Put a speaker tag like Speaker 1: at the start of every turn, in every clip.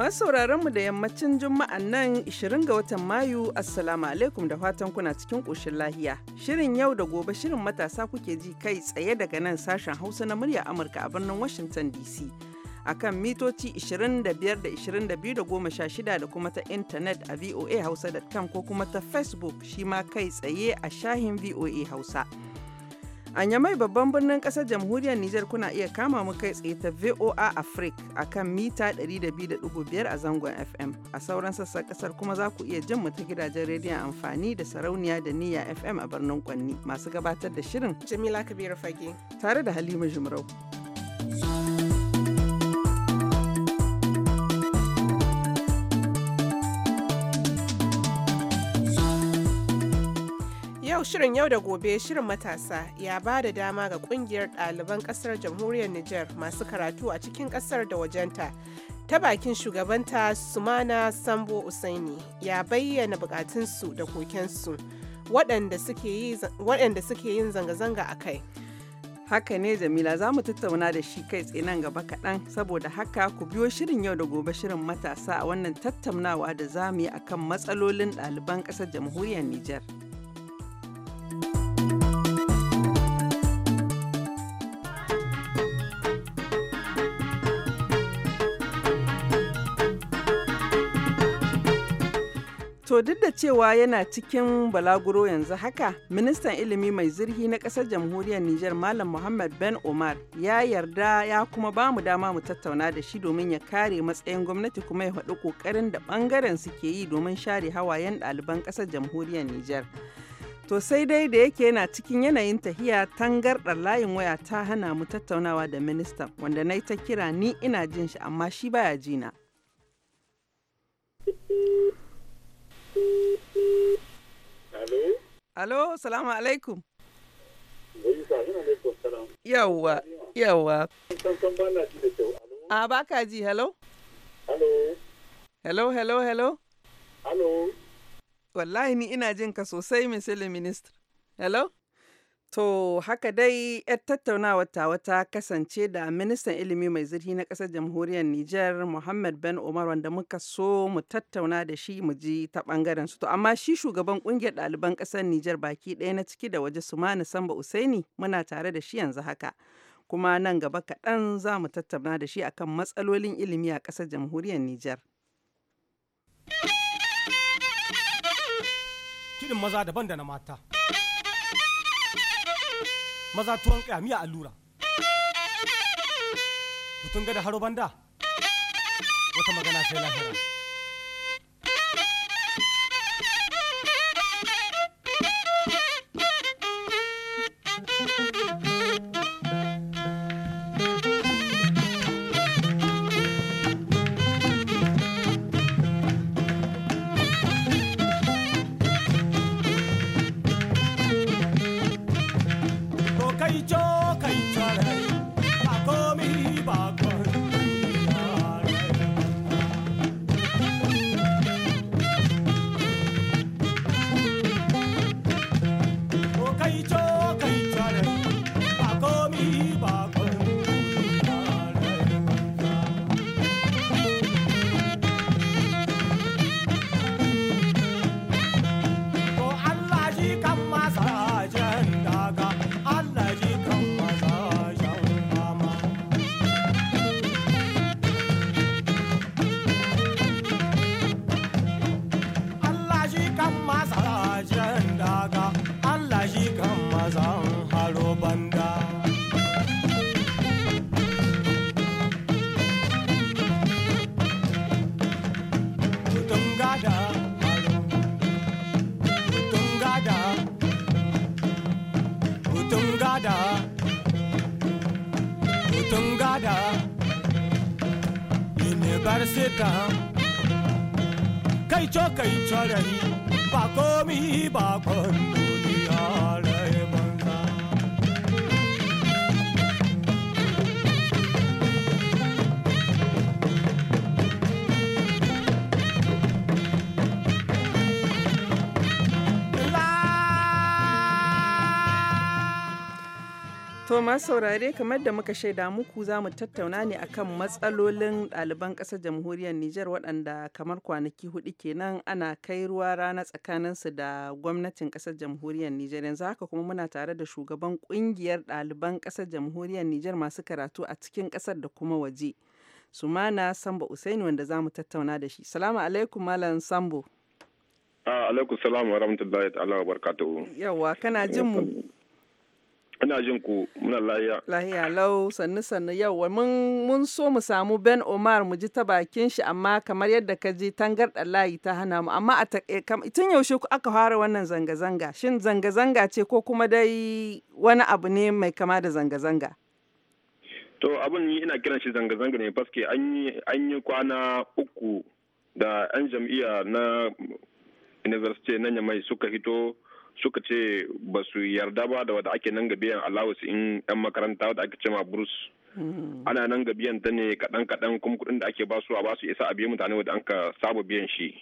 Speaker 1: Masu sauraron mu da yammacin juma'a nan 20 ga watan Mayu, Assalamu alaikum da fatan kuna cikin ƙoshin lahiya. Shirin yau da gobe shirin matasa kuke ji kai tsaye daga nan sashen Hausa na murya Amurka a birnin Washington DC. akan mitoci 25 da 22 da da kuma ta intanet a voa voahausa.com ko kuma ta Facebook shi ma kai tsaye a shahin VOA Hausa. A Nyamai babban birnin ƙasar jamhuriyar Nijar kuna iya kama mu kai tsaye ta VOA Africa a kan mita 102.5 a zangon FM. A sauran sassan ƙasar kuma za ku iya jin mu ta gidajen rediyon amfani da sarauniya da niyya FM a birnin Kwanni masu gabatar da shirin.
Speaker 2: Jamila Kabiru Fage. Tare da Halima Jumrau. shirin yau da gobe shirin matasa ya ba da dama ga kungiyar ɗaliban ƙasar jamhuriyar Nijar masu karatu a cikin ƙasar da wajenta. Ta bakin shugabanta Sumana Sambo Usaini ya bayyana bukatunsu da kokensu waɗanda suke yin zanga-zanga a kai. Haka ne Jamila za mu tattauna da shi kai nan gaba kaɗan saboda
Speaker 1: haka ku biyo shirin yau da gobe shirin matasa a wannan tattaunawa da za mu yi akan matsalolin ɗaliban ƙasar jamhuriyar Nijar. To duk da cewa yana cikin balaguro yanzu haka, ministan ilimi mai zirhi na ƙasar jamhuriyar Nijar Malam Muhammad Ben Omar ya yarda ya kuma ba mu dama mu tattauna da shi domin ya kare matsayin gwamnati kuma ya faɗi ƙoƙarin da ɓangaren ke yi domin share hawayen ɗaliban ƙasar jamhuriyar Nijar. To sai dai da yake yana cikin yanayin tahiya tangarɗar layin waya ta hana mu tattaunawa da ministan wanda na ta kira ni ina jin shi amma shi baya jina. Alo? Alo, salamu alaikum. Yawwa, yawwa. A baka ji, hello? Hello? Hello, hello, hello? Hello? Wallahi ni ina jin ka sosai, Mr. Minister. Hello? To haka dai yar tattaunawar ta ta kasance da ministan ilimi mai zurfi na ƙasar jamhuriyar Nijar Muhammad Ben Umar wanda muka so mu tattauna da shi mu ji ta ɓangaren su. To amma shi shugaban ƙungiyar ɗaliban ƙasar Nijar baki ɗaya na ciki da waje su Sumani Samba Usaini muna tare da shi yanzu haka. Kuma nan gaba kaɗan za mu tattauna da shi akan matsalolin ilimi a ƙasar jamhuriyar Nijar.
Speaker 2: Kiɗin maza daban da na mata.
Speaker 3: maza tuwon a allura mutum ga da haro banda wata magana sai lahira Rachel. gada hutun gada university kai co kai corari ba komi ba kon duniya
Speaker 1: To saurare kamar da muka shaida muku za mu tattauna ne akan matsalolin ɗaliban ƙasar jamhuriyar Nijar waɗanda kamar kwanaki hudu kenan ana kai ruwa rana tsakaninsu da gwamnatin ƙasar jamhuriyar Nijar yanzu haka kuma muna tare da shugaban ƙungiyar ɗaliban ƙasar jamhuriyar Nijar masu karatu a cikin ƙasar da kuma waje. Sumana Sambo Usaini wanda za mu tattauna da shi. Salamu alaikum Malam Sambo.
Speaker 3: Ah, alaikum salam wa rahmatullahi ta'ala wa barakatuhu.
Speaker 1: Yawwa kana jin mu?
Speaker 3: ina jin ku muna lahiya
Speaker 1: lahiya lau sannu sannu yau mun so mu samu Ben Omar mu ji ta bakin shi amma kamar yadda ka ji tangarɗar layi ta hana mu amma a tun yaushe aka fara wannan zanga zanga shin zanga zanga ce ko kuma dai wani abu ne mai kama da zanga zanga
Speaker 3: to abin ina kiran shi zanga zanga ne paske an yi kwana uku da 'yan jam'iyya na university na nyamai suka hito suka ce ba su yarda ba da wadda ake nan ga biyan allowance in yan makaranta wadda ake cema burus hmm. ana nan ga biyan ta ne kaɗan kaɗan kuma kuɗin da ake basu a basu isa a biyan mutane wadda an ka saba biyan shi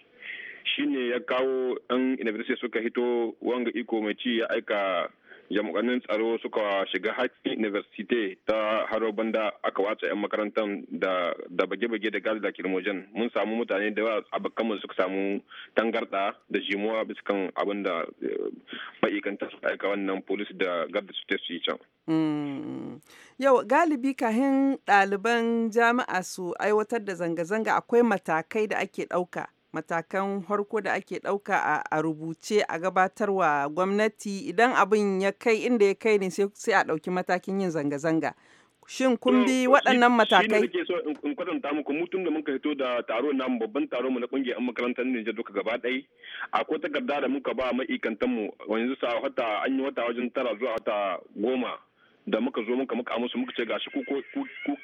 Speaker 3: shi ne ya kawo yan university suka hito wanga iko mai ci ya aika jami'anin tsaro suka shiga haƙƙin university ta haro banda aka watsa 'yan makarantar da bage-bage da gas da mun samu mutane da yawa abokanmu suka samu tangarɗa da jimuwa bisa kan abin da eh, ma'aikanta suka aika wannan polis da garda su su yi can.
Speaker 1: Mm. yau galibi kahin ɗaliban jami'a su aiwatar da zanga-zanga akwai matakai da ake ɗauka matakan harko da ake ɗauka a rubuce a gabatarwa gwamnati idan abin ya kai inda ya kai ne sai a ɗauki matakin yin zanga-zanga. Shin kun bi waɗannan matakai? Shi
Speaker 3: ne so in kwatanta muku mutum da muka fito da taro namu babban taro mu na ƙungiyar makarantar Nijar duka gaba ɗaya. Akwai takarda da muka ba ma'aikantan mu yanzu sa wata an yi wata wajen tara zuwa wata goma da muka zo muka muka musu muka ce gashi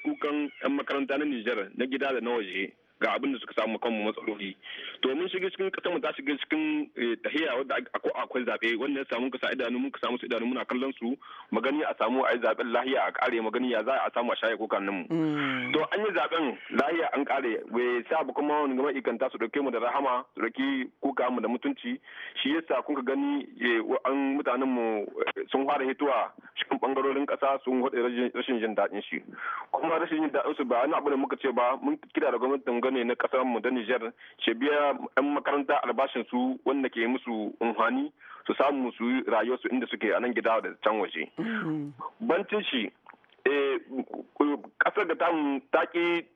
Speaker 3: kukan 'yan makaranta na Nijar na gida da na waje. ga abin da suka samu kanmu matsaloli to mun shiga cikin kasar mu ta shiga cikin eh, tahiya wadda akwai zabe wannan ya samu kasa idanu mun samu su idanu muna kallon su magani a samu a yi zaben lahiya a kare magani ya za a samu a shaye kokan mu mm. to an yi zaben lahiya an kare bai sa ba kuma wani gama ikanta su dauke mu da rahama su dauki kuka mu da mutunci shi yasa kun ka gani eh, an mutanen mu eh, sun fara hituwa cikin bangarorin kasa sun hudu rashin jin daɗin shi kuma rashin jin daɗin su ba wani abu da muka ce ba mun kira da gwamnatin gane na kasar mu da Nijar ce biya yan makaranta albashin su wanda ke musu unhani su samu su rayuwar su inda suke a nan gida da can waje mm-hmm. bancin shi kasar eh, da ta ki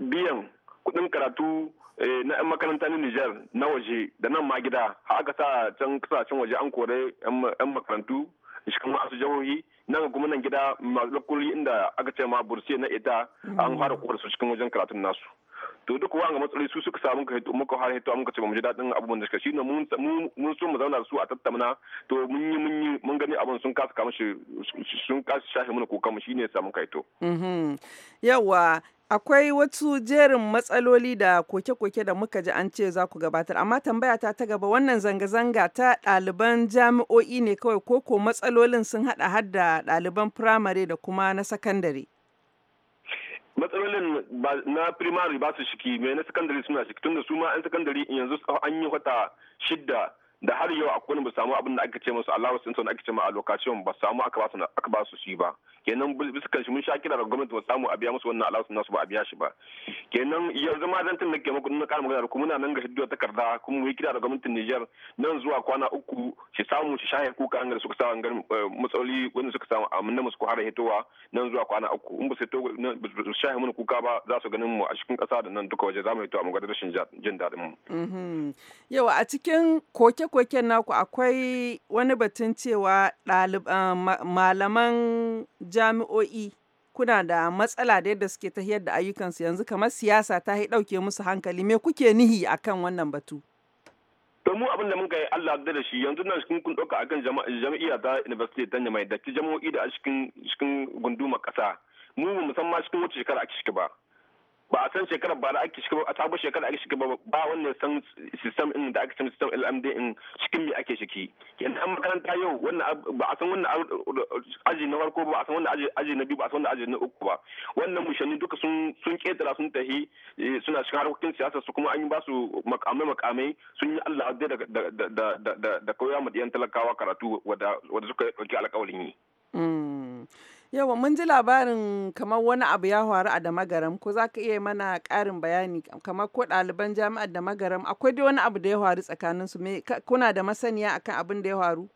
Speaker 3: biyan kudin karatu eh, na 'yan makaranta na Nijar na waje da nan ma gida har aka sa can kasashen waje an kore 'yan makarantu cikin wasu jihohi nan kuma nan gida masu inda aka ce ma bursiya na ita an fara mm-hmm. kore su cikin wajen karatun nasu. to duk wanga matsaloli su suka samu ka hito muka har hito muka ce mu ji dadin abubuwan da suka shi ne mun mun so mu zauna da su a tattauna to mun yi mun yi mun gani abun sun kasa kama shi sun kasa shahi mun kokan mu shine ya samu ka hito
Speaker 1: mhm. yawa akwai wasu jerin matsaloli da koke-koke da muka ji an ce za ku gabatar amma tambaya ta ta gaba wannan zanga-zanga ta ɗaliban jami'o'i ne kawai koko matsalolin sun hada har da ɗaliban firamare da kuma na sakandare.
Speaker 3: matsalolin na primary ba su shiki mai na secondary suna shiki tunda su ma 'yan secondary yanzu an yi wata shidda da har yau akwai wani ba samu abin da aka ce musu Allah wasu sun aka ce ma allocation ba samu aka ba su aka ba su shi ba kenan bisa kan shi mun sha kira da gwamnati ba samu a biya musu wannan alawus nasu ba a biya shi ba kenan yanzu ma zan tunda ke muku na ƙara magana kuma muna nan ga hiddo takarda kuma yi kira da gwamnatin Niger nan zuwa kwana uku shi samu shi shahe kuka an suka samu an eh, matsaloli wanda suka samu amma na musu har hitowa nan zuwa kwana uku in ba su to shahe mun kuka ba za su ganin mu a cikin ƙasa da nan duka waje za mu hito a mu ga rashin jin daɗin mu
Speaker 1: mhm. yawa a cikin koke koke naku akwai wani batun cewa eh, malaman jami'o'i kuna da matsala da yadda suke ta da ayyukansu yanzu kamar siyasa ta yi ɗauke musu hankali me kuke nihi akan wannan batu
Speaker 3: to mu abin da muka yi Allah da shi yanzu nan cikin kun ɗauka akan jami'a ta university ta Nyamai da ci jami'o'i da cikin cikin gunduma ƙasa mu musamman cikin wacce shekara a ciki ba ba a san shekarar ba da ake shiga a sabon shekarar ake shiga ba wannan san system din da ake san system LMD din cikin me ake shiki yanda an makaranta yau wannan ba a san wannan aji na farko ba a san wannan aji na biyu ba a san wannan aji na uku ba wannan mushanni duka sun sun ketara sun tahi eh, suna shiga harkokin siyasa su kuma an yi ba su makamai makamai sun yi Allah da da da da koya ma diyan talakawa karatu wanda suka dauki alƙawarin yi
Speaker 1: mm. Yawa mun ji labarin kamar wani abu ya faru a Damagaram ko za ka iya mana karin bayani kamar ko ɗaliban jami'ar Damagaram akwai dai wani abu da ya faru tsakanin su me kuna da masaniya akan abin da ya faru?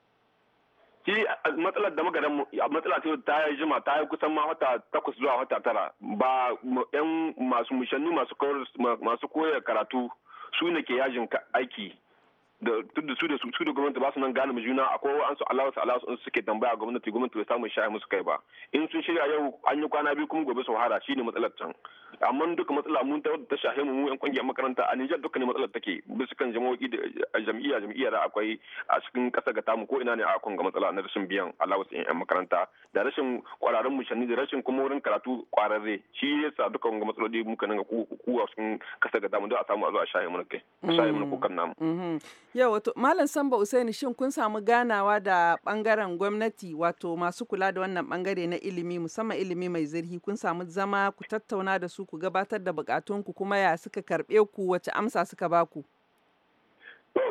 Speaker 3: Ki matsalar Damagaram matsala ce ta yi jima ta yi kusan ma wata takwas zuwa wata tara ba yan masu mushannu masu koyar karatu su ne ke yajin aiki da tun da su da su da gwamnati ba su nan gane juna akwai an su allowance allowance in suke tambaya gwamnati gwamnati bai samu shaya musu kai ba in sun shirya yau an yi kwana biyu kuma gobe su hara shine matsalar can amma duka matsala mun ta ta shahe mu yan kungiyar makaranta a Niger duka ne matsalar take bisa kan jama'o'i da jami'a jami'a da akwai a cikin kasa ga tamu ko ina ne a kunga matsala na rashin biyan allowance in yan makaranta da rashin kwararrun mushanni da rashin kuma wurin karatu kwararre shi yasa duka wanga matsaloli muka nanga kuwa sun kasa ga tamu don a samu a zo a shahe mu kai a shahe mu kokan namu
Speaker 2: mm-hmm. Mm-hmm.
Speaker 1: Yau wato Malam Samba Usaini shin kun samu ganawa da bangaren gwamnati wato masu kula da wannan bangare na ilimi musamman ilimi mai zirhi kun samu zama ku tattauna da su ku gabatar da bukatunku kuma ya suka karbe ku wace amsa suka baku.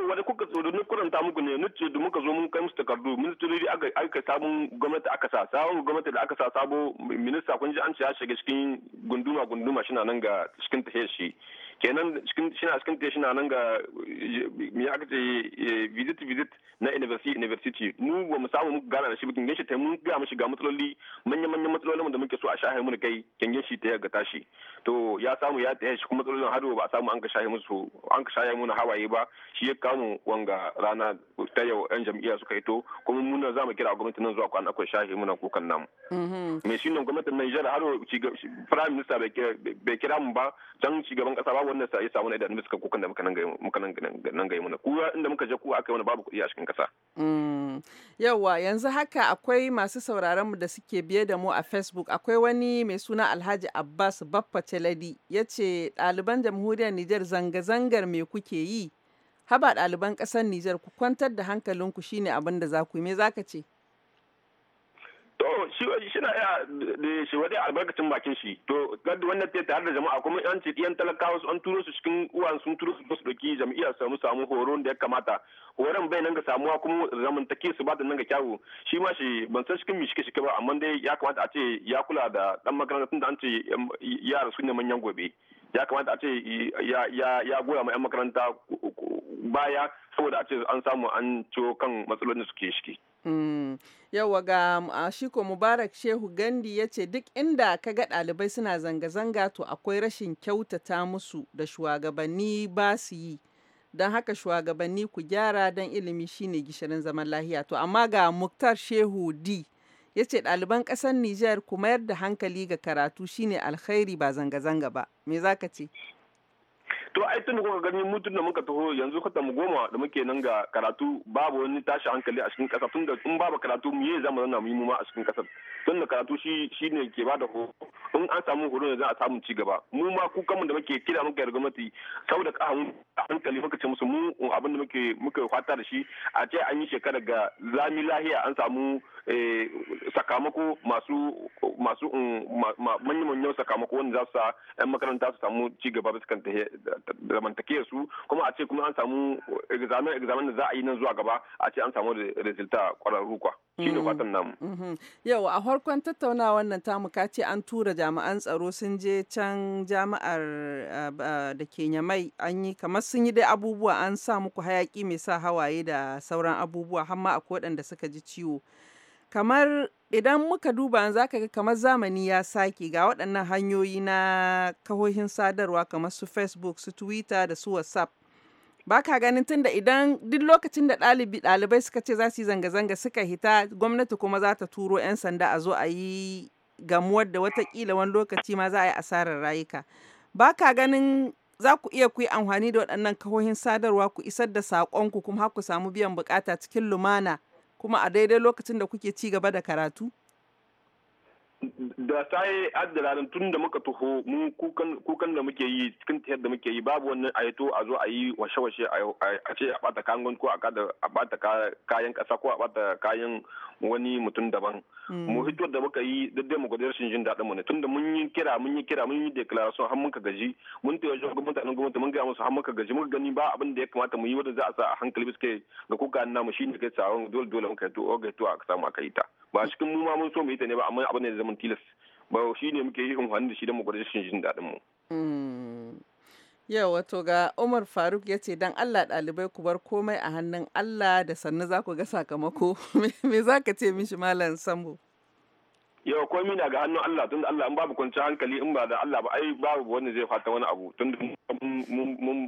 Speaker 3: wanda kuka tsoro ni ta muku ne nace da muka zo mun kai musu takardu ne aka aka samu gwamnati aka sa sabon gwamnati da aka sa sabo minista kun ji an ce ya shiga cikin gunduma gunduma shi nan ga cikin tahe shi kenan shi na cikin shi na nan ga me aka ce eh, visit visit na university university mu ba mu samu muka gana da shi bikin shi ta mun ga mu shiga matsaloli manyan manyan matsalolin da muke so a shahe mu kai kingin shi ta ga tashi to ya samu ya ta shi kuma matsalolin har ba a samu an ka shahe su an ka shahe mu na hawaye ba shi ya kamu wanga rana ta yau yan jam'iyya suka to kuma mun za mu kira gwamnati nan zuwa kwana akwai shahe mu na kukan namu mai mm-hmm. shi nan gwamnatin Niger har prime minister bai kira mu ba can shugaban kasa ba wannan wanda ya samu na idanun suka kukan da muka nan ga muna kuwa inda muka je kuwa aka yi wani babu kuɗi a cikin ƙasa.
Speaker 1: Mm. yawa yanzu haka akwai masu sauraron mu da suke biye da mu a facebook akwai wani mai suna alhaji abbas baffa celadi ya ce ɗaliban jamhuriyar nijar zanga-zangar me kuke yi haba ɗaliban ƙasar nijar ku kwantar da hankalinku shine abin da za ku yi me za ka ce
Speaker 3: to shi na iya da eh, shi wadai albarkacin bakin shi to gadda wannan ta tare da jama'a kuma yan ci yan talakawa su an turo su cikin uwan sun turo su su doki jami'a samu samu horon da ya kamata horon bai nan ga samuwa kuma zamantake su ba da nan ga kyawu shi ma shi ban san cikin mishike shike ba amma dai ya kamata a ce ya kula da dan makaranta tunda an ce yara su ne manyan gobe ya kamata a ce ya goya ma yan makaranta baya saboda a ce an samu an ciwo kan matsalolin da suke shiki.
Speaker 1: Hmm. yau ga ashiko Mubarak Shehu Gandi ya ce duk inda ka ga ɗalibai suna zanga-zanga to akwai rashin kyautata musu da shugabanni ba su yi. Don haka shugabanni ku gyara don ilimi shine gishirin zaman lahiya. To amma ga Muktar Shehu D ya ce ɗaliban ƙasar Nijar ku mayar da hankali ga karatu shine alkhairi ba zanga-zanga ba. Me za ka ce?
Speaker 3: to ai tun da kuka gani mutun da muka taho yanzu ta mu goma da muke nan ga karatu babu wani tashi hankali a cikin kasa tun da in babu karatu mu yi zamu zauna mu yi mu ma a cikin kasa tun da karatu shi shi ne ke bada horo in an samu horo ne za a samu ci gaba mu ma ku kanmu da muke kira muka gwamnati saboda kahan hankali muka ce musu mu abin da muke muke kwata da shi a ce an yi shekara ga lami lahiya an samu Eh, sakamako masu masu mm, manyan manyan sakamako wanda za su sa 'yan makaranta su samu ci gaba su kan zamantakiyar su kuma a ce kuma an samu examen examen da za a yi nan zuwa gaba a ce an samu resulta kwararru kwa ne mm-hmm. fatan namu mm-hmm.
Speaker 1: yau a farkon tattauna wannan tamu ka ce an tura jami'an tsaro sun je can jami'ar da ke nyamai an yi kamar sun yi dai abubuwa an sa muku hayaki mai sa hawaye da sauran abubuwa har ma akwai waɗanda suka ji ciwo kamar idan muka duba za ka ga kamar zamani ya sake ga waɗannan hanyoyi na kahohin sadarwa kamar su facebook su twitter da su whatsapp ba ka ganin tunda idan duk lokacin da ɗalibi ɗalibai suka ce za su yi zanga-zanga suka hita gwamnati kuma za ta turo 'yan sanda a zo a yi gamuwar da watakila wani lokaci ma za a yi asarar rayuka ba ka ganin za ku iya ku yi amfani da waɗannan kahohin sadarwa ku isar da saƙonku kuma ku samu biyan bukata cikin lumana kuma a daidai lokacin da kuke ci gaba da karatu?
Speaker 3: da sai addirarin tun da muka taho mun kukan da muke yi cikin tiyar da muke yi babu wani ayato a zo a yi washe-washe a ce a bata kangon ko a bata kayan kasa ko a bata kayan wani mutum daban mm. mu hito da muka yi daidai mu gudar shin jin daɗin mu ne tunda mun yi kira mun yi kira mun yi declaration har muka gaji mun tayar shi mutanen gwamnati mun gaya musu har muka gaji muka gani ba abin da ya kamata mu yi wanda za a sa a hankali biske ga kuka namu ne kai tsawon dole dole muka yi to to a samu aka yi ta ba cikin mu ma mun so mu yi ta ne ba amma abin da ya zama mun tilas ba shi ne muke yi amfani da shi da mu shi jin daɗin mu.
Speaker 2: Hmm.
Speaker 1: Yau wato ga Umar Faruk ya ce don Allah ɗalibai ku bar komai a hannun Allah da sannu za ku ga sakamako me za ka ce mishi malam Sambo?
Speaker 3: yau ko mina ga hannun Allah tun Allah in babu kwanciyar hankali in ba da Allah ba ai babu wanda zai fata wani abu tun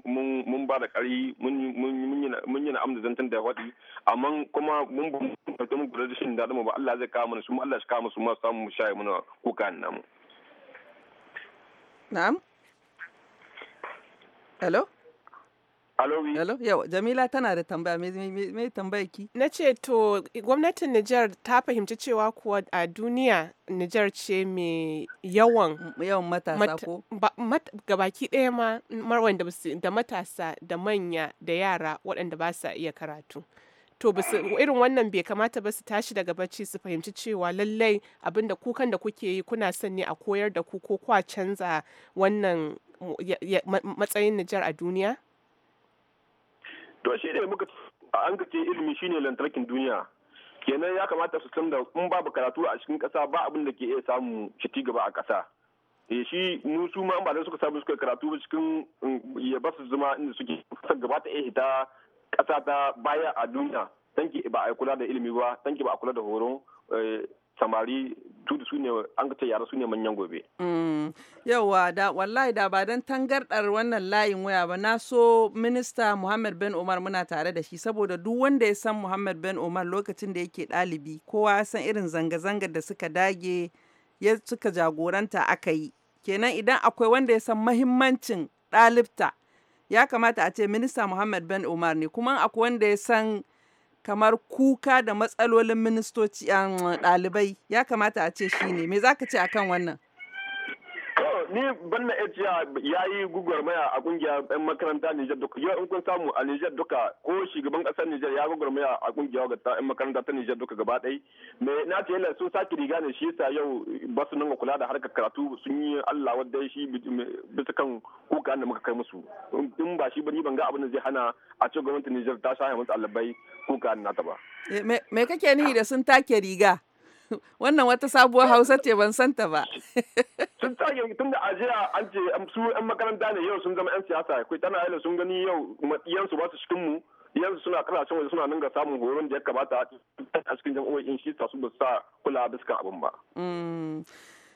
Speaker 3: mun ba da kari mun yi na'am da zantar da waɗi amma kuma mun ba mun gudu da shin daɗin ba Allah zai kawo mana su Allah shi kawo su ma samu mu shaye mana kuka namu.
Speaker 1: Na'am?
Speaker 2: Hello? Alo, yau, Jamila tana da tambaya, me, tambaya ki? Na ce, to, gwamnatin Nijar ta fahimci cewa kuwa a duniya Nijar ce mai yawan... Yawan matasa ko? Gabaki ɗaya ma, marwan da matasa, da manya, da yara waɗanda ba sa iya karatu. to irin wannan bai kamata ba su tashi daga bacci su fahimci cewa lallai abin da kukan da kuke yi kuna son ne a koyar da ku ko kwa canza wannan matsayin Nijar a duniya?
Speaker 3: to shi ne muka an ce ilimi shine lantarkin duniya kenan ya kamata su san da in babu karatu a cikin kasa ba abin da ke iya samu ci gaba a kasa e eh, shi mu su ma ba da suka samu suka karatu ba cikin mm, ya ba su zama inda suke kasar gaba ta hita kasa ta baya a duniya tanki ba a kula da ilimi ba tanki ba a kula da horon eh, samari tudu su ne an ce yara su manyan gobe. Mm.
Speaker 1: Yauwa da wallahi da ba don tangarɗar wannan layin waya ba na so minista Muhammad Ben umar muna tare da shi saboda duk wanda ya san Muhammad Ben umar lokacin da yake ɗalibi kowa ya san irin zanga-zangar da suka dage ya suka jagoranta aka yi. Kenan idan akwai wanda ya san mahimmancin ɗalibta ya kamata a ce minista Muhammad Ben umar ne kuma akwai wanda ya san kamar kuka da matsalolin ministoci ɗalibai ya kamata a ce shi ne me za ka ce akan wannan
Speaker 3: ni banna ya ya yi gugurmaya a kungiyar yan makaranta Nijar duka yau in kun samu a Nijar duka ko shugaban kasar Nijar ya gugurmaya a kungiyar ga yan makaranta ta Nijar duka gaba ɗaya me na ce yana sun saki riga ne shi yasa yau ba su nan kula da harkar karatu sun yi Allah wadda shi bisa kan kuka da muka kai musu in ba shi bari ban ga abin da zai hana a ce gwamnatin Nijar ta shaye musu allabai kuka nata ba
Speaker 1: eh, me kake nihi da sun take riga Wannan wata sabuwar Hausa ce ban santa ba.
Speaker 3: Sun tsage tun da ajiya an ce su 'yan makaranta ne yau sun zama 'yan siyasa kai tana aila sun gani yau matiyansu ba su cikin mu yanzu suna kasashen waje suna nan ga samun horon da ya kamata a cikin jam'o'in shi ta su ba sa kula da suka abin ba.
Speaker 1: Mm.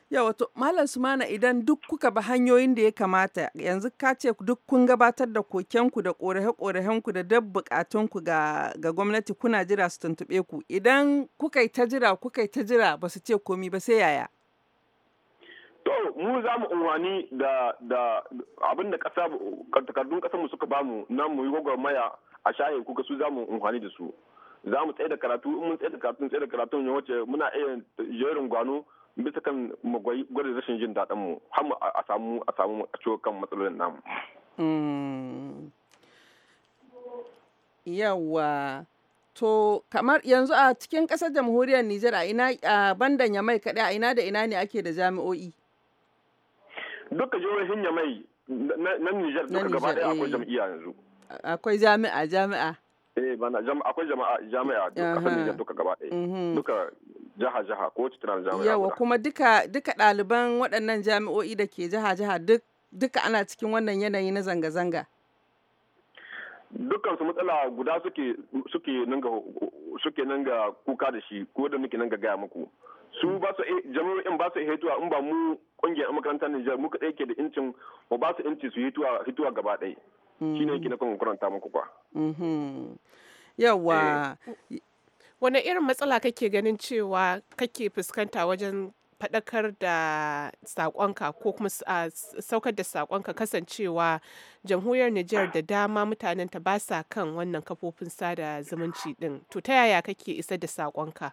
Speaker 1: Ya wato Malam Sumana idan duk kuka bi hanyoyin da ya kamata yanzu ka ce duk kun gabatar da kokenku da korahe-korahenku da dab bukatunku ga, ga gwamnati kuna jira su tuntuɓe ku idan kuka ta jira kuka ta jira ba su ce komi ba sai yaya.
Speaker 3: To mu za mu umarni da da abin da kasa takardun kasar mu suka bamu na mu yi gwagwarmaya a shayin kuka su za mu umarni da su. Za mu tsaye da karatu in mun tsaye da karatu tsaye da karatu ya wuce muna iya jerin gwano bisa kan mu gwada rashin jin daɗin mu har mu a samu a samu a ciwo kan matsalolin namu.
Speaker 1: Mm. Yawa to kamar yanzu a cikin ƙasar jamhuriyar Nijar a ina a bandan Yamai kaɗai a ina da ina ne ake da jami'o'i?
Speaker 3: Duka jihohin Yamai na Nijar duka gaba ɗaya akwai eh. jami'a yanzu.
Speaker 1: Akwai jami'a jami'a.
Speaker 3: eh bana akwai jama'a jami'a duka ƙasar Nijar duka gaba ɗaya mhm. duka jaha jaha ko wacce jami'a yawa
Speaker 1: kuma duka ɗaliban waɗannan jami'o'i da ke jaha jaha duk duka ana cikin wannan yanayi na zanga zanga
Speaker 3: dukkan su matsala guda suke suke nanga kuka da shi ko da muke nanga gaya muku su mm. ba su eh, jami'o'in ba su hituwa in ba mu kungiyar makarantar Nijar muka ɗaya ke da incin ba ba su inci su hituwa gaba ɗaya shine yake mm. na kan kuranta muku kwa
Speaker 1: mm-hmm. yawwa eh,
Speaker 2: Wane irin matsala kake ganin cewa kake fuskanta wajen faɗakar da saƙonka ko kuma saukar da saƙonka kasancewa jamhuriyar Nijar da dama mutanenta ba sa kan wannan kafofin sada zumunci din To ta yaya kake isa da saƙonka?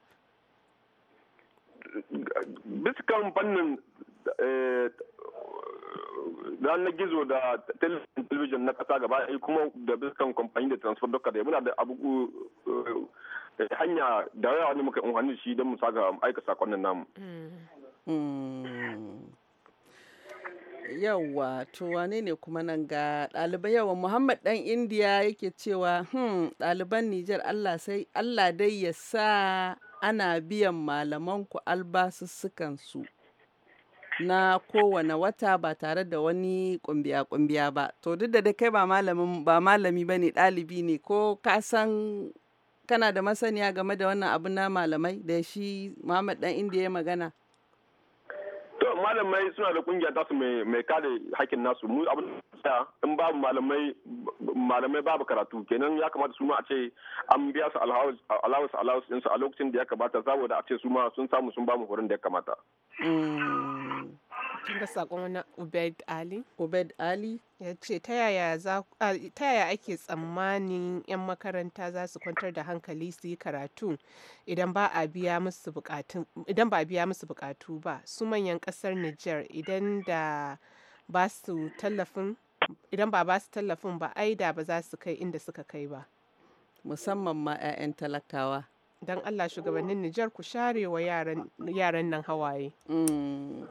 Speaker 3: Biskan fannin eh, na gizo da television na ƙasa gaba kuma da biskan kamfani da transport doka da muna da abubuwa. Eh, hanya da yawa ne muka amfani shi don mu saka aika sakonnin namu hmm.
Speaker 1: yawa to wane ne kuma nan ga ɗalibai yawa muhammad ɗan indiya yake cewa hmm ɗaliban nijar allah sai allah dai ya sa ana biyan malamanku su na kowane wata ba tare da wani kumbiya-kumbiya ba to duk da kai ba malami ba ne ɗalibi ne ko ka san kana da masaniya game da wannan abu na malamai da shi Muhammad dan Indiya ya magana?
Speaker 3: To malamai suna da kungiya tasu mai kare hakkin nasu mu abin da in babu malamai malamai babu karatu kenan ya kamata su ma a ce an biya su allowance allowance din su a lokacin da ya kamata saboda a ce su ma sun samu sun bamu horon da ya kamata.
Speaker 2: Mm. kin ga sakon wani Ubed Ali. Ubed Ali. Ya ce ta yaya ake tsammanin 'yan makaranta za su kwantar da hankali su yi karatu idan ba a biya musu bukatu ba su manyan kasar Nijar idan da ba su tallafin idan ba ba su tallafin ba ai da ba za su kai inda suka kai ba. Musamman ma 'ya'yan talakawa. Don Allah shugabannin Nijar ku share wa yaran nan hawaye. Mm.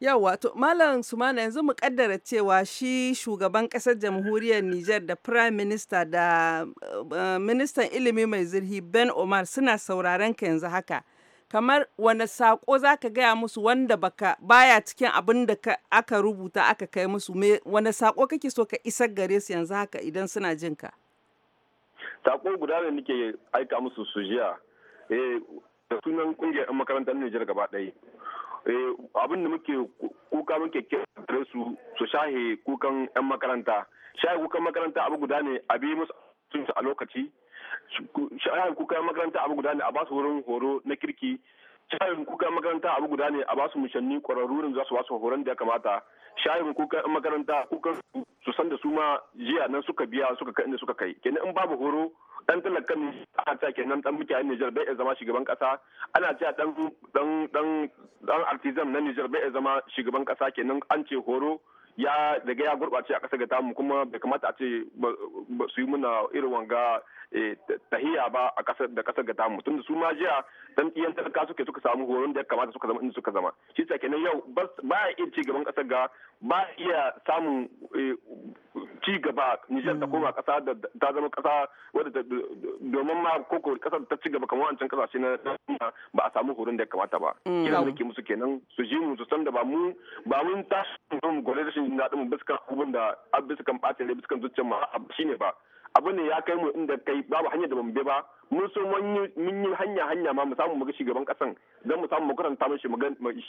Speaker 2: Yawwa wato Malam Sumana yanzu mu kaddara cewa
Speaker 1: shi shugaban kasar jamhuriyar Nijar da Prime Minister da eh, eh, Ministan ilimi mai zurfi Ben Omar suna sauraron ka yanzu haka. Kamar wani sako za ka gaya musu wanda baka baya cikin abin da aka rubuta aka kai musu wani sako kake so ka isa gare su yanzu haka idan suna jin ka?
Speaker 3: Sako guda da nake aika musu su jiya. Eh, da sunan kungiyar makarantar Nijar gaba ɗaya. Eh, abin da muke kuka muke kira su su shahe kukan 'yan makaranta shahe kukan makaranta abu guda ne a bi musu a lokaci shahe kukan makaranta abu guda ne a ba su wurin horo na kirki shayin kuka makaranta abu guda ne a ba su mushanni kwararru za su ba horon da ya kamata shayin kuka makaranta kuka su san da su ma jiya nan suka biya suka kai inda suka kai kenan in babu horo dan talakan ana ta kenan dan mutane Niger bai zama shugaban kasa ana cewa dan dan dan dan artisan na Niger bai zama shugaban kasa kenan an ce horo ya daga ya gurbace a kasa ga tamu kuma bai kamata a ce su yi muna irin wanga Eh, tahiya ba a kasar da kasar ga tamu tunda su ma jiya dan iyan talaka suke suka samu horon da ya kamata suka zama inda suka zama shi sa kenan yau ba ya iya ci gaban kasar ga ba iya samun eh, ci gaba Nijar ta mm. koma kasa da ta zama kasa wadda domin ma koko kasar ta ci gaba kamar wancan kasashe na ba a samu horon da ya kamata ba mm. kira da ke musu kenan su ji mu su san da ba mu ba mun tashi mu gwale rashin jin daɗin mu bisa kan abubuwan da bisa kan ɓacin rai bisa kan zuciyar ma shine ba abu ne ya kai mu inda kai babu hanyar da mu bi ba mun so mun yi hanya hanya ma mu samu mu ga shugaban kasan don mu samu mu karanta mishi mu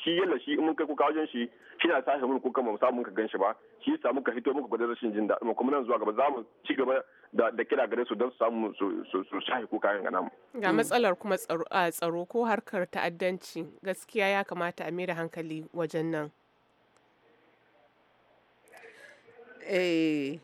Speaker 3: shi yalla shi mun kai kuka wajen shi shi na sashi mun kuka mu samu mun ka gan shi ba shi yasa muka hito muka da rashin jin daɗi kuma nan zuwa gaba za mu ci gaba da da kira gare su don su samu su shahi kuka yan gana ga mm. matsalar
Speaker 2: kuma tsaro ko harkar ta'addanci gaskiya ya kamata a mai hankali wajen nan eh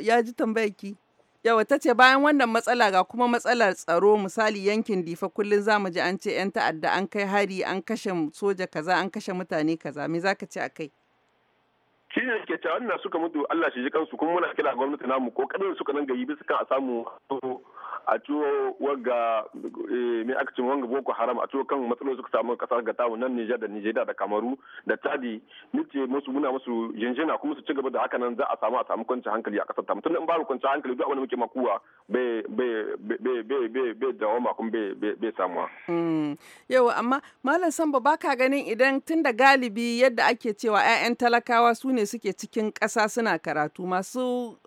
Speaker 2: ya ji tambayaki. Yawa ta
Speaker 1: ce bayan wannan matsala ga kuma matsalar tsaro misali yankin difa kullum za mu ji an ce 'yan ta'adda an kai hari an kashe soja kaza an kashe mutane kaza me za ka ce a kai?
Speaker 3: shi ne ke cewa ina suka mutu Allah shi ji kansu kuma muna kira gwamnati namu kokarin suka nan gayi bisa kan a samu a ciwo wagga eh, mai aka cin wanga boko haram a ciwo kan matsalolin suka samu kasar ga tamu nan Niger da Nijeriya da Kamaru da Chadi nace musu muna musu jinjina kuma su ci gaba da haka nan za a samu a samu kwanciyar hankali a kasar tamu tunda in babu kwanci hankali duk abin da muke makuwa bai bai bai bai bai dawama kuma bai bai samuwa hmm. yau
Speaker 1: amma malam Samba ka ganin idan tunda galibi yadda ake cewa 'ya'yan talakawa su ne ne suke cikin ƙasa suna karatu masu,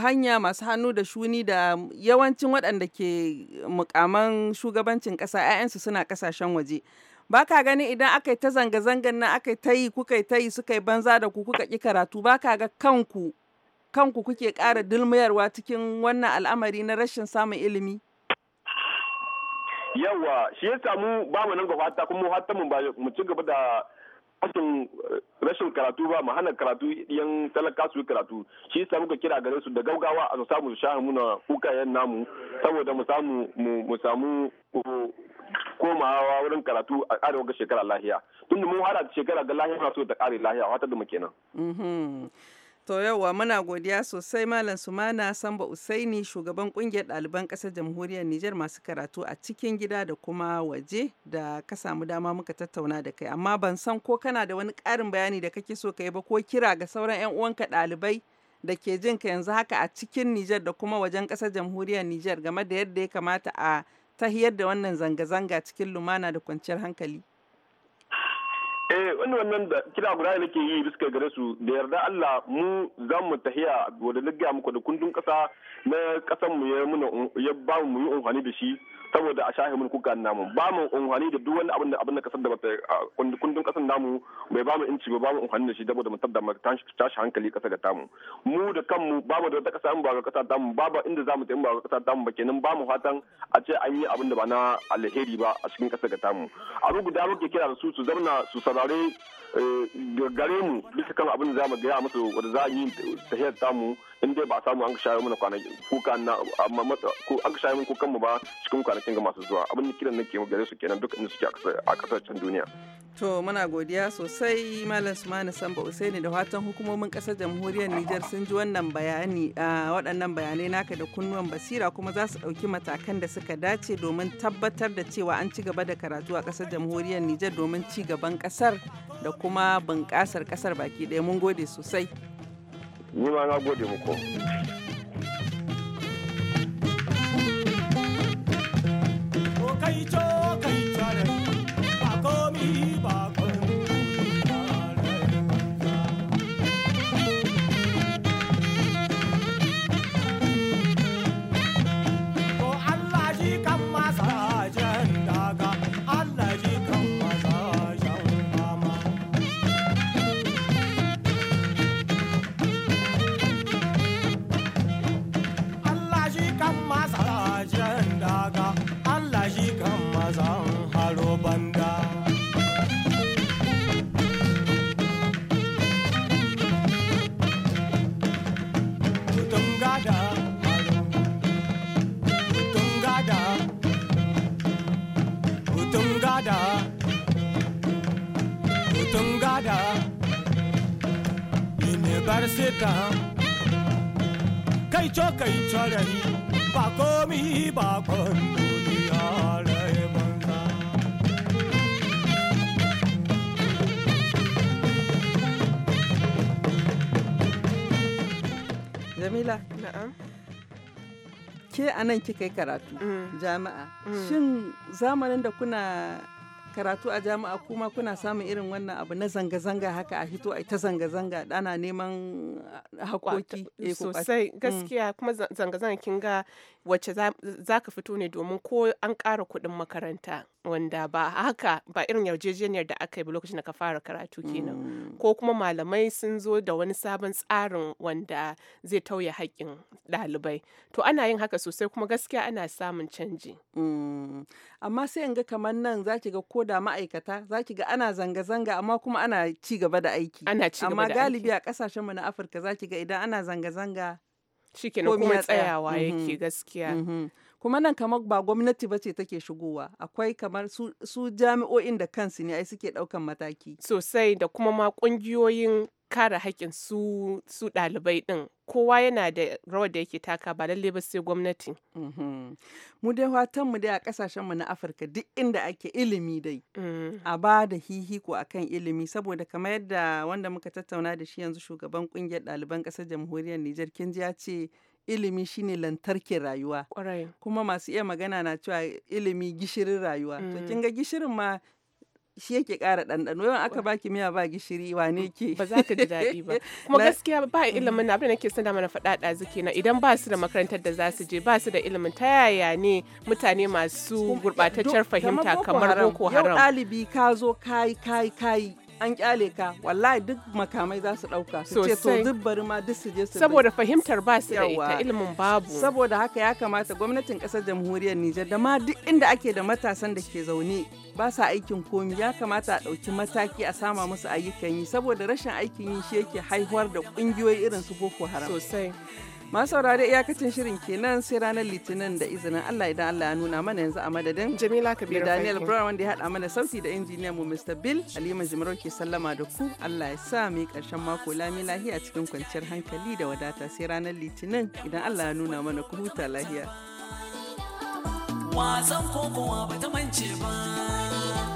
Speaker 1: hanya masu hannu da shuni da yawancin waɗanda ke mukaman shugabancin ƙasa 'ya'yansu suna ƙasashen waje ba ka gani idan aka yi ta zanga-zangan na aka ta yi kuka yi ta yi suka yi banza da ku kuka ƙi karatu ba ka ga kanku kanku kuke ƙara dulmayarwa cikin wannan al'amari na rashin samun ilimi
Speaker 3: yawa shi ya samu ba mu nan gaba ta kuma hatta mu ci gaba da Eh, rashin karatu ba mu hana karatu yan talaka su karatu shi yasa muka kira gare su da gaugawa a samu su shahin muna kukayen namu saboda mu samu mu samu komawa wurin karatu a arewa ga shekara lahiya tunda mun hada shekara ga lahiya na so ta kare lahiya wata da mu kenan
Speaker 1: mm-hmm. To muna godiya sosai Malam Sumana Samba Usaini shugaban kungiyar ɗaliban ƙasar jamhuriyar niger masu karatu a cikin gida da kuma waje da ka samu dama muka tattauna da kai amma ban san ko kana da wani karin bayani da kake so ka yi ba ko kira ga sauran 'yan uwanka ɗalibai da ke jin ka yanzu haka a cikin niger da kuma wajen ƙasar jamhuriyar niger game da yadda ya kamata a tahiyar da wannan zanga-zanga cikin lumana da kwanciyar hankali.
Speaker 3: eh wani wannan da kira guda nake yi bisa gare su da yarda Allah mu za mu tahiya wadda na gaya muku da kundin kasa na kasan mu ya muna ya ba mu yi umfani da shi saboda a shahe mun ga namu ba mu unhani da duk wani abin da abin da kasar da ba kundin kasar namu bai ba mu inci ba ba mu unhani da shi saboda mu tabda mu tashi hankali kasa ga tamu mu da kanmu ba mu da wata kasa ba ga kasa tamu ba ba inda zamu tafi ba ga kasa tamu ba kenan ba mu fatan a ce an yi abin da ba na alheri ba a cikin kasa ga tamu abu guda muke kira da su su zauna su sarare eh, gare mu bisa kan abin da zamu gaya musu wanda za a yi tahiyar tamu in dai ba a samu an shayo mana kwanaki kuka na amma ko an shayo mana kukan mu ba cikin kwanakin ga masu zuwa abin da kiran nake gare su kenan duk inda suke a kasashen duniya
Speaker 1: to muna godiya sosai malam sumana samba usaini da watan hukumomin kasar jamhuriyar niger sun ji wannan bayani waɗannan bayanai naka da kunnuwan basira kuma za su ɗauki matakan da suka dace domin tabbatar da cewa an ci gaba da karatu a kasar jamhuriyar niger domin ci gaban kasar da kuma bunƙasar kasar baki ɗaya mun gode sosai
Speaker 3: nima na gode muku gada hutun gada universita kai co kai ba komi ba duniya rai banza
Speaker 1: jamila na'am ke a nan kika yi karatu mm. jami'a mm. shin zamanin da kuna karatu a jami'a kuma kuna samun irin wannan abu na zanga-zanga haka a hito ai ta zanga-zanga dana
Speaker 2: neman ah, hakoki eh, sosai mm. gaskiya kuma zanga-zanga kin wacce za ka fito ne domin ko an ƙara kuɗin makaranta wanda ba haka ba irin yarjejeniyar da aka yi ba lokacin da ka fara karatu kenan mm. ko kuma malamai sun zo da wani sabon tsarin wanda zai tauye haƙƙin ɗalibai to ana yin haka sosai kuma gaskiya ana samun canji mm. amma sai in ga kamar nan za ki ga ko
Speaker 1: da ma'aikata za ki ga ana zanga-zanga amma kuma ana ci gaba da aiki ana ci gaba da aiki amma galibi a kasashen mu na Afirka za ki ga idan ana zanga-zanga shikenan kuma tsayawa yake mm-hmm. gaskiya mm-hmm. kuma nan kamar ba gwamnati ba ce take shigowa akwai kamar su, su
Speaker 2: jami'o'in da kansu ne ai suke daukan mataki sosai da kuma ma kungiyoyin kare haƙƙin su su ɗalibai ɗin kowa yana da rawar da yake taka ba lalle ba sai gwamnati. Uhm. Mu dai watan mu dai a ƙasashen mu na Afirka duk inda ake ilimi dai.
Speaker 1: Mm. A ba da hihiko kan ilimi saboda kamar yadda wanda muka tattauna da shi yanzu shugaban ƙungiyar ɗaliban ƙasar jamhuriyar Nijar kin ya ce ilimi shine lantarkin rayuwa. Kuma masu iya magana na cewa ilimi gishirin rayuwa. To mm. kin ga gishirin ma
Speaker 2: shi yake ƙara ɗanɗano yawan aka baki miya ba gishiri wane ke ba za ka ji daɗi ba kuma gaskiya ba ilimin mm. na abin da nake son da mana faɗa ɗazu kenan idan ba su da makarantar da za su je ba su da ilimin ta yaya ne mutane masu gurɓataccen fahimta kamar boko haram yau
Speaker 1: ɗalibi ka zo kai kai kai an kyale ka wallahi duk makamai za su dauka su ce to duk bari ma duk su je su saboda fahimtar ba su da ita ilimin babu saboda haka ya kamata gwamnatin kasar jamhuriyar Nijar da ma duk inda ake da matasan da ke zaune ba sa aikin komi ya kamata a ɗauki mataki a sama musu ayyukan yi saboda rashin aikin yi shi yake haihuwar da ƙungiyoyi irin su Boko Haram sosai Masu saurare iyakacin shirin kenan sai ranar Litinin da izinin Allah idan Allah ya nuna mana yanzu a madadin Jamila Kabiru Daniel Brown wanda ya haɗa mana sauti da injiniyan mu Mr. Bill Halima Jimarau ke sallama da ku Allah ya sa mu karshen mako lami lahiya cikin kwanciyar hankali da wadata sai ranar Litinin idan Allah ya nuna mana ku huta lahiya.
Speaker 3: Wasan kokowa ba ta mance ba.